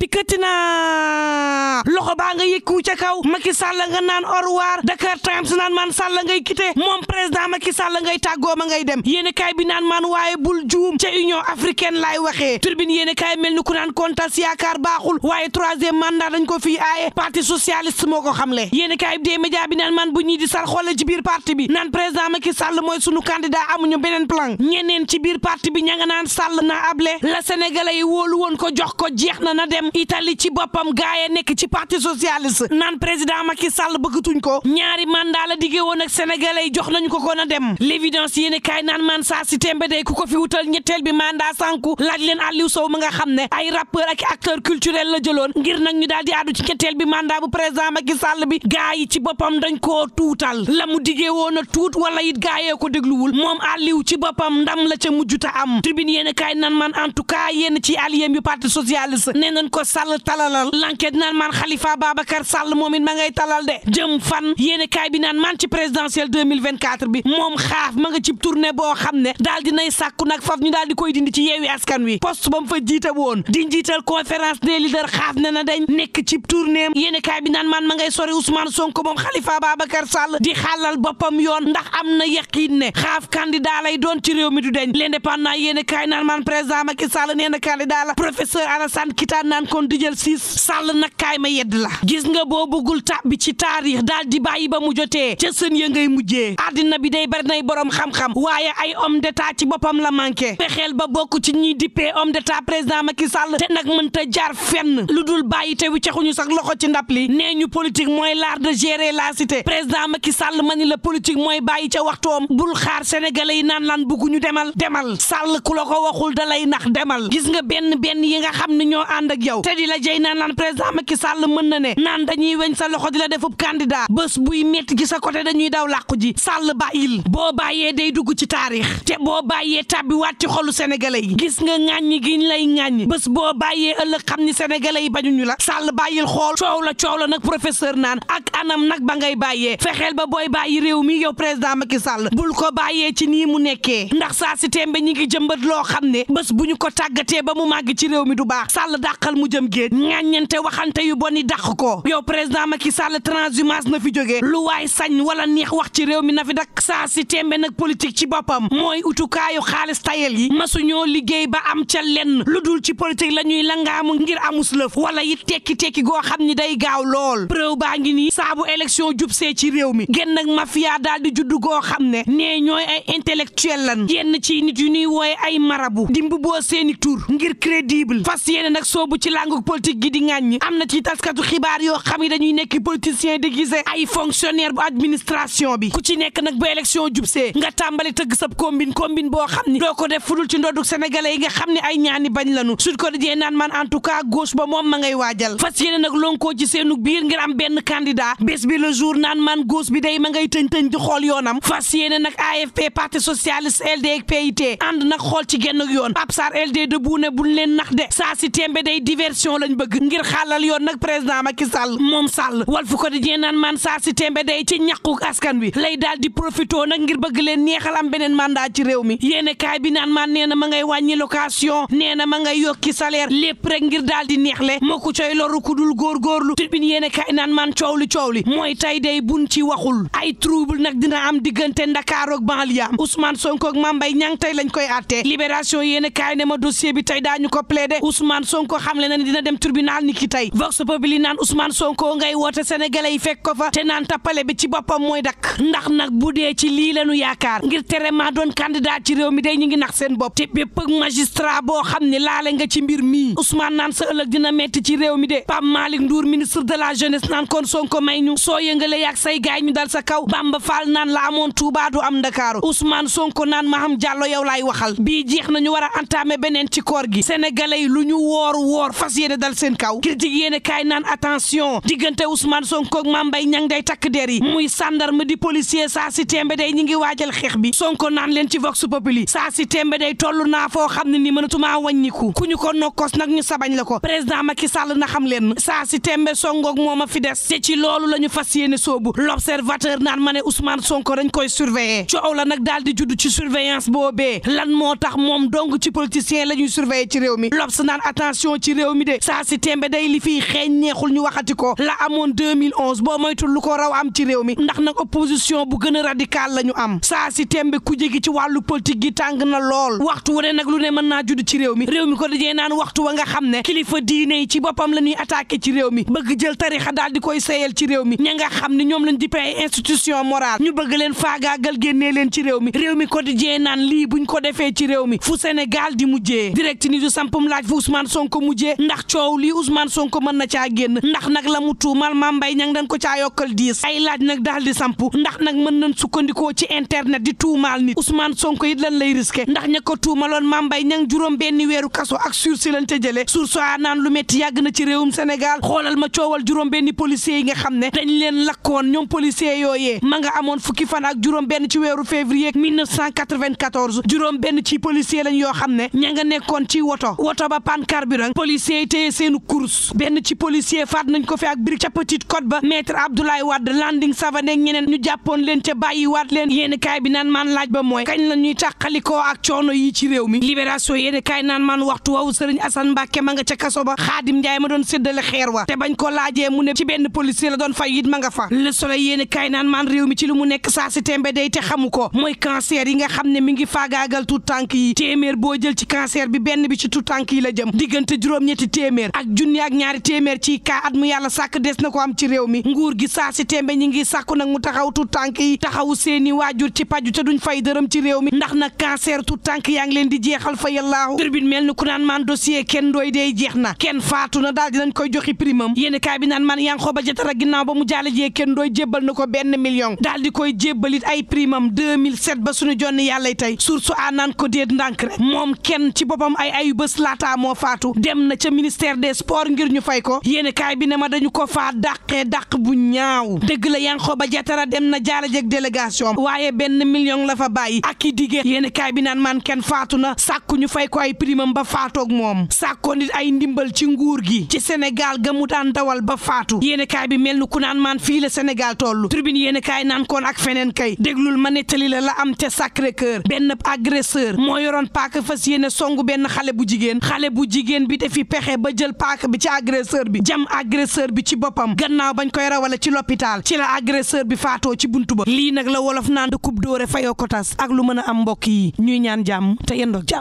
dikkati na loxo baa nga yëkku ca kaw Macky Sall nga naan orwaar Dakar Times naan man Sall ngay quitté moom président Macky Sall ngay tàggoo ma ngay dem yéen kaay bi naan man waaye bul juum ca Union africaine laay waxee turbine yéen kaay mel ni ku naan kontas yaakaar baaxul waaye troisième mandat dañ ko fii aaye parti socialiste moo ko xamle yéen kaay bi dee bi naan man bu ñii di sar xoole ci biir parti bi naan président Macky Sall mooy sunu candidat amuñu beneen plan ñeneen biir parti bi ña nga naan Sall na able la sénégalais yi wóolu woon ko jox ko jeex na na dem dem Italie ci boppam gaay nekk ci parti socialiste naan président Macky Sall bëggatuñ ko ñaari mandat la diggee woon ak sénégalais yi jox nañu ko ko na dem l'évidence yéen kaay naan man saa si tembe day ku ko fi wutal ñetteel bi mandat sànku laaj leen Aliou Sow ma nga xam ne ay rappeur ak acteur culturel la jëloon ngir nag ñu daal di àddu ci ñetteel bi mandat bu président Macky Sall bi gaay yi ci boppam dañ koo tuutal la mu diggee woon a tuut wala it gaayee ko dégluwul moom Aliou ci boppam ndam la ca mujjuta am tribune yéen kaay naan man en tout cas yéen ci alliés yu parti socialiste nee ko sàll talalal l'enquête naan maan Khalifa Babacar Sall moom it ma ngay talal de jëm fan yéene kaay bi naan man ci présidentielle 2024 bi moom xaaf ma nga cib tournée boo xam ne daal dinay sàkku nag faf ñu daal di koy dindi ci yeewi askan wi poste ba mu fa jiite woon di njiital conférence des leaders xaaf ne na dañ nekk cib tournée yéene kaay bi naan man ma ngay sori Ousmane Sonko moom Khalifa Babacar Sall di xàllal boppam yoon ndax am na yaqiin ne xaaf candidat lay doon ci réew mi du deñ l'indépendant yéene kaay naan maan président Macky na candidat la professeur Alassane Kita naan kon di jël siis sàll nag kaay ma yedd la gis nga boo bëggul tàbbi ci taarix daal di bàyyi ba mu jotee ca sën ya ngay mujjee àddina bi day bari nay borom xam-xam waaye ay homme d'état ci boppam la manqué pexeel ba bokk ci ñiy dippee homme d'état président Macky Sall te nag mënta jaar fenn lu dul bàyyi te wiccaxuñu sax loxo ci ndap li nee ñu politique mooy l'art de gérer la cité président Macky Sall ma la politique mooy bàyyi ca waxtoom bul xaar sénégalais yi naan lan ñu demal demal Sall ku la ko waxul da nax demal gis nga benn yow te di la jey naan naan président maki sàll mën na ne naan dañuy weñ sa loxo di la defub candidat bés buy metti ci sa côté dañuy daw làqu ji Sall bàyyil boo bàyyee day dugg ci taarix te boo bàyyee tàbbiwaat ci xolu sénégalais yi gis nga ŋàññi giñ lay ŋàññi bés boo bàyyee ëllëg xam ni sénégalais yi bañuñu la sàll bàyyil xool coow la coow la nag professeur naan ak anam nag ba ngay bàyyee fexeel ba booy bàyyi réew mi yow président Macky sàll bul ko bàyyee ci nii mu nekkee ndax saa si tembe ñi ngi jëmbat loo xam ne bés bu ñu ko tàggatee ba mu màgg ci réew mi du baax Sall mu jëm géej ŋàññante waxante yu i dàq ko yow président Macky Sall transhumance na fi jógee lu waay sañ wala neex wax ci réew mi na fi dak saa si tembe nag politique ci boppam mooy utukaayu xaalis tayel yi masuñoo liggéey ba am ca lenn lu dul ci politique la ñuy langaamu ngir amus lëf wala it tekki-tekki goo xam ni day gaaw lool preuve baa ngi nii saabu jub jubsee ci réew mi genn nag mafia daal di juddu goo xam ne nee ñooy ay intellectuel lan yenn ci nit yu ñuy wooye ay marabu dimbu seeni tur ngir crédible làngu politique gi di ŋàññi am na ci taskatu xibaar yoo xam ne dañuy nekk politicien déguisé ay fonctionnaire bu administration bi ku ci nekk nag bu élection jubsee nga tàmbali tëgg sab combine combine boo xam ni doo ko def fudul ci ndoddu sénégalais yi nga xam ne ay ñaani bañ lanu Sud Quotidien naan man en tout cas gauche ba moom ma ngay waajal fas yéene nag lonkoo ci biir ngir am benn candidat bés bi le jour naan man gauche bi day ma ngay tëñ-tëñ di xool yoonam fas yéene nag AFP parti socialiste LD ak xool ci genn yoon Absar LD debout ne buñ leen nax diversion lañ bëgg ngir xàllal yoon nag président Macky Sall moom Sall wal fu ko di jee man saa tembe day ci ñàquk askan wi lay daal di profito nag ngir bëgg leen neexal am beneen mandat ci réew mi yéene kaay bi naan man nee na ma ngay wàññi location nee na ma ngay yokki salaire lépp rek ngir daal di neexle moo ku coy loru ku dul góor góorgóorlu tribune yéene kaay naan man coow li coow li mooy tey day buñ ci waxul ay trouble nag dina am diggante Ndakaaru ak banlieue am Ousmane Sonko ak ma dossier bi tey daañu ko plaider Ousmane Sonko xamle na ne dina dem tribunal ni ki tey vox populi naan Ousmane Sonko ngay woote sénégalais yi fa te naan tappale bi ci boppam mooy dakk ndax nag bu dee ci lii lañu ngir tere maa doon candidat ci réew mi day ñu ngi nax seen bopp te bépp magistrat boo xam ne laale nga ci mbir mii Ousmane naan sa ëllëg dina meti ci réew mi de Pape Malick Ndour ministre de la jeunesse naan kon Sonko may ñu soo yëngale yaak say gaay ñu dal sa kaw Bamba Fall naan la amoon Touba du am Ndakaaru a entamer beneen ci koor gi sénégalais yi lu ñu Senghor fas yéene dal seen kaw critique yéene kaay naan attention diggante Ousmane Sonko ak Mame Mbaye Niang day takk der yi muy gendarme di policier saa si tembe day ñi ngi waajal xeex bi Sonko naan leen ci vox populi saa si tembe day toll naa foo xam ne ni wañ wàññiku ku ku ñu ko nokkos nag ñu sabañ la ko président Macky sal na xam leen saa si tembe songoog mooma fi des te ci loolu la ñu fas yéene soobu l'observateur naan ma ne Ousmane Sonko dañ koy surveiller coow la nag daal di judd ci surveillance boobee lan moo tax moom dong ci politicien la ñuy surveiller ci réew mi réew mi de saa si tembe day li fi xeeñ neexul ñu waxati ko la amoon 2011 boo tul lu ko raw am ci réew mi ndax nag opposition bu gën a radical la ñu am saa si tembe kuje gi ci wàllu politique gi tàng na lool waxtu wa ne nag lu ne mën naa judd ci réew mi réew mi ko dajee naan waxtu wa nga xam ne kilifa diine i ci boppam la ñuy attaqué ci réew mi bëgg jël tarixa daal di koy seeyal ci réew mi ña nga xam ne ñoom lañ dippe ay institution morale ñu bëgg leen faagaagal génnee leen ci réew mi réew mi ko dajee naan lii buñ ko defee ci réew mi fu Sénégal di mujjee direct ni du sampum laaj fu Ousmane Sonko de ndax coow lii Ousmane Sonko mën na caa génn ndax nag la mu tuumal Mame Mbaye Niang dañ ko caa yokkal diis ay laaj nag daal di samp ndax nag mën nañ sukkandikoo ci internet di tuumaal nit Ousmane Sonko yi lan lay risqué ndax ña ko tuumaloon Mame Mbaye Niang juróom benn weeru kaso ak sursis lañ ca jële sursis naan lu metti yàgg na ci réewum Sénégal xoolal ma coowal juróom benni policiers yi nga xam ne dañ leen lakkoon ñoom policiers yooyee ma nga amoon fukki fan ak juróom benn ci weeru février 1994 juróom benn ci policier lañ yoo xam ne ña nga nekkoon ci woto ba policiers yi téye seenu course benn ci policier faat nañ ko fi ak biir ca Petite Côte ba maître Abdoulaye Wade Landing e ñeneen ñu jàppoon leen ca bàyyi waat leen yéen kaay bi naan maan laaj ba mooy kañ la ñuy tàqalikoo ak coono yi ci réew mi libération yéen kaay naan maan waxtu wa wawu sëriñ Assane ke ma nga ca kaso ba Xaadim Njaay ma doon séddale xeer wa te bañ ko laaje mu ne ci benn policier la doon fay it ma nga fa le soleil yéen kaay naan maan réew mi ci lu mu nekk saa si tembe day te ko mooy cancer yi nga xam ne mi ngi faagaagal tuut tànk yi téeméer boo jël ci cancer bi benn bi ci tuut tànk yi la jëm diggante juróom ñetti téeméer ak junni ak ñaari téeméer ci kaa at mu yàlla sàkk des na ko am ci réew mi nguur gi saa si tembe ñi ngi sàkku nag mu taxaw tu tànk yi taxaw seeni waajur ci paju te duñ fay dërëm ci réew mi ndax nag cancer tu tànk yaa ngi leen di jeexal fa yàllaahu turbine mel ni ku naan man dossier kenn dooy dee jeex na kenn faatu na daal dinañ koy joxi primam yéen kaay bi naan maan yaa ngi xooba jatara ba mu jaale jee kenn dooy jébbal na ko benn million daal di koy jébbalit ay primam 2007 ba suñu jonn yàllay tey source a naan ndànk moom kenn ci boppam ay ayu bés laataa moo ca ministère des sports ngir ñu fay ko yéeni bi na ma dañu ko faa daqe daq bu ñaaw dëgg la Yankhoba jatara dem na jaarajeg délégation waaye benn million la fa bàyyi ak i digee yéeni kaay bi naan man kenn faatu na sàkku ñu fay ko ay primam ba faatoog moom sàkkoo nit ay ndimbal ci nguur gi ci Sénégal ga mu daan dawal ba faatu yéeni kaay bi mel ni ku naan maan fii la Sénégal toll tribune yéeni kaay naan koon ak feneen kay déglul ma nettali la la am te Sacré Cœur benn agresseur moo yoroon paaka fas yéene songu benn xale bu jigéen xale bu jigéen bi pexe ba jël paak bi ci agresseur bi jam agresseur bi ci boppam gannaaw bañ koy rawale ci l'hôpital ci la agresseur bi faatoo ci buntu ba lii nag la wolof naan de doore fayoo ko tas ak lu mën a am mbokk yi ñuy ñaan jàmm te yendoog jàmm